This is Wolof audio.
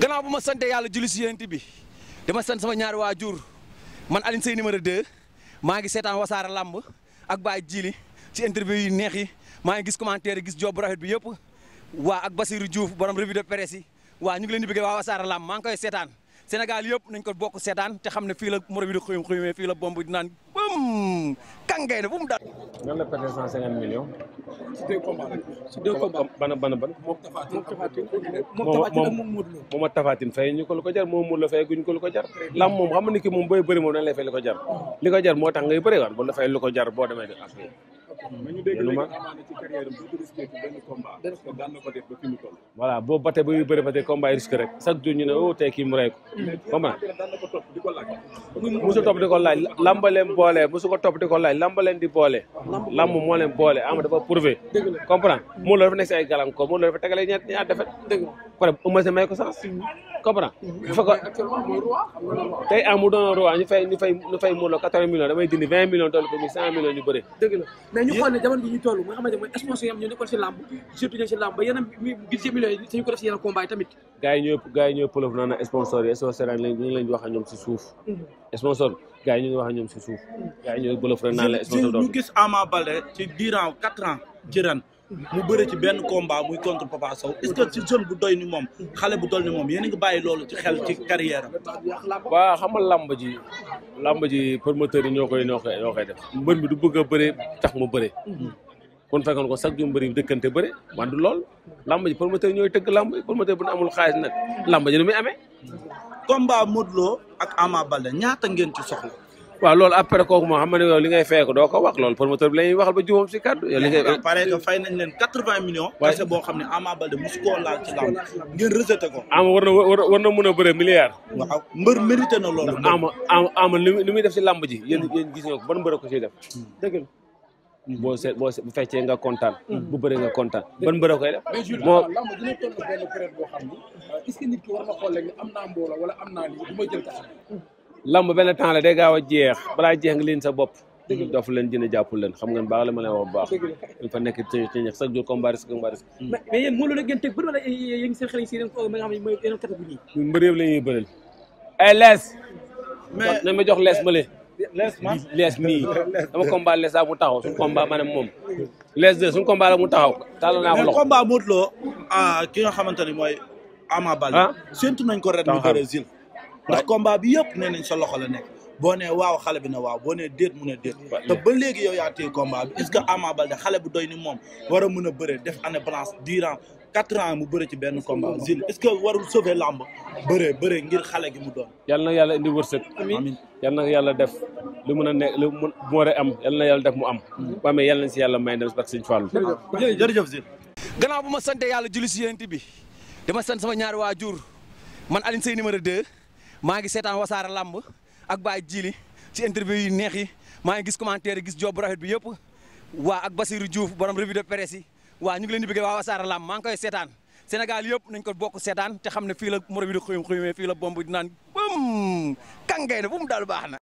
gannaaw bu ma sante yàlla julli si yent bi dama sant sama ñaari waajur man Alioune Seye a 2 maa ngi seetaan wasaara làmb ak Baye Djili ci interview yi neex yi maa ngi gis commentaire gis job bu rafet bi yëpp waa ak Basirou Diouf borom revue de presse waa ñu ngi leen bi bëgg waa wasaara lamb maa ngi koy seetaan Sénégal yëpp nañ ko bokk seetaan te xam ne fii la moro bi di xuyum xuyumee fii la bomb di naan bëm tàng kay de bu mu dal. nan la perte cent cinquante millions. ci deux combats rek ci deux combats. moom Tafatine moom Tafatine ñu ko lu ko jar moom Modou Lo fay guñ ko lu ko jar. lam moom xam nga ni moom booy bëri moom dañ lay fay lu ko jar. li ko jar moo tax ngay bëri waan bu la fay jar boo demee di lu mm. ma voilà boobu ba tey ba muy bëri ba rek chaque jour ne oh tey kii mu rey ko comment mosu topp di ko laaj lamba leen boole mosu ko topp di ko laaj lamba leen di boole lamb moo leen boole ama dafa prouvé comprendre mu la dafa nekk si ay gàllankoor mu la dafa tegalee ñaar ñaar defet pare Eumeu Sène may ko sens. doon roi ñu fay fay ñu fay millions damay dindi 20 millions dollar ko muy 100 millions ñu bëri. mais ñu xool ne jamono bi ñu toll si làmb surtout ñu si millions yi ñu ko si yeneen combat tamit. gars yi ñooy gars sponsor yi sponsor mm-hmm. yi ñu ngi mm-hmm. leen naan la sponsor doon ñu gis Ama Baldé ci durant 4 ans jëran mu bëre ci benn combat muy contre Papa Sow est ci jeune bu doy ni moom xale bu doy ni moom yéen a ngi bàyyi loolu ci xel ci carrière am. waaw xam nga làmb ji làmb ji promoteur yi ñoo koy ñoo koy ñoo koy def mbër mi du bëgg a bëre tax mu bëre. kon fekkoon ko chaque jour mbër yi dëkkante bëre man du lool làmb ji promoteur ñooy tëgg làmb yi promoteur bu ne amul xaalis nag làmb ji nu ame amee. combat ak Ama Baldé ñaata ngeen ci soxla. waaw loolu après kooku moo xam ne yow li ngay fay doo ko wax loolu promoteur bi la ñuy ba juumam si kàddu. yow li ngay pare fay nañ leen quatre-vingts millions. waaye kese boo xam ne Ama Baldé mosu koo laal ko. Ama na war na mën a bëre milliard. waaw li muy def si lamb ji yéen yéen gis nga ko ban mbër ko siy def. dëgg la. boo seet bu fekkee nga kontaan. Mm-hmm. bu bëree nga kontaan ban mbër koy ah, boo xam ni est-ce am naa wala am naa lii lamb benn temps la gaaw a jeex balaa jeex nga leen sa bopp dof leen dina jàpp leen xam ngeen baax la ma leen wax bu baax ñu fa nekk ci ci ñex chaque jour combat risque combat risque hmm. mais yéen moo loolu gën tëg bëri wala yéen seen xel yi nga xam mooy yeneen catégorie ñun la eh, ma jox lees ma le lees mii dama combat lees la mu taxaw suñu moom lees de suñu mu taxaw tàllal naa ko loxo combat Modou ah, ki nga xamante ne mooy Ama Baldé ah? séntu nañ ko ren mu Brésil ndax combat bi yëpp nee nañ sa loxo la nekk boo nee waaw xale bi na waaw boo nee déet mu ne déet te ba léegi yow yaa téye combat bi est xale bu doy ni moom war a mën a bëre def année blanche durant quatre ans mu benn combat zil est-ce que warul sauver lamb bëree bëree ngir xale gi mu doon yal na yàlla indi wërsëg amiin yal na yàlla def lu mën a nekk lu mu war a am yal na yàlla def mu am bu amee si yàlla may bu ma sante yàlla julli si yéent bi dama sant sama ñaari waajur man Alioune Seye numéro 2 maa ngi seetaan wasaare làmb ak Baye Djili ci interview yi neex yi maa ngi gis commentaire gis job bu rafet bi yëpp waa ak Basirou Diouf borom revue de presse yi waa ñu ngi leen di bëggee waa wasaare làmb maa ngi koy seetaan Sénégal yëpp nañ ko bokk seetaan te xam ne fii la moro bi di xuyum xuyumee fii la bomb dinaan bam kàngay na bu mu daal baax na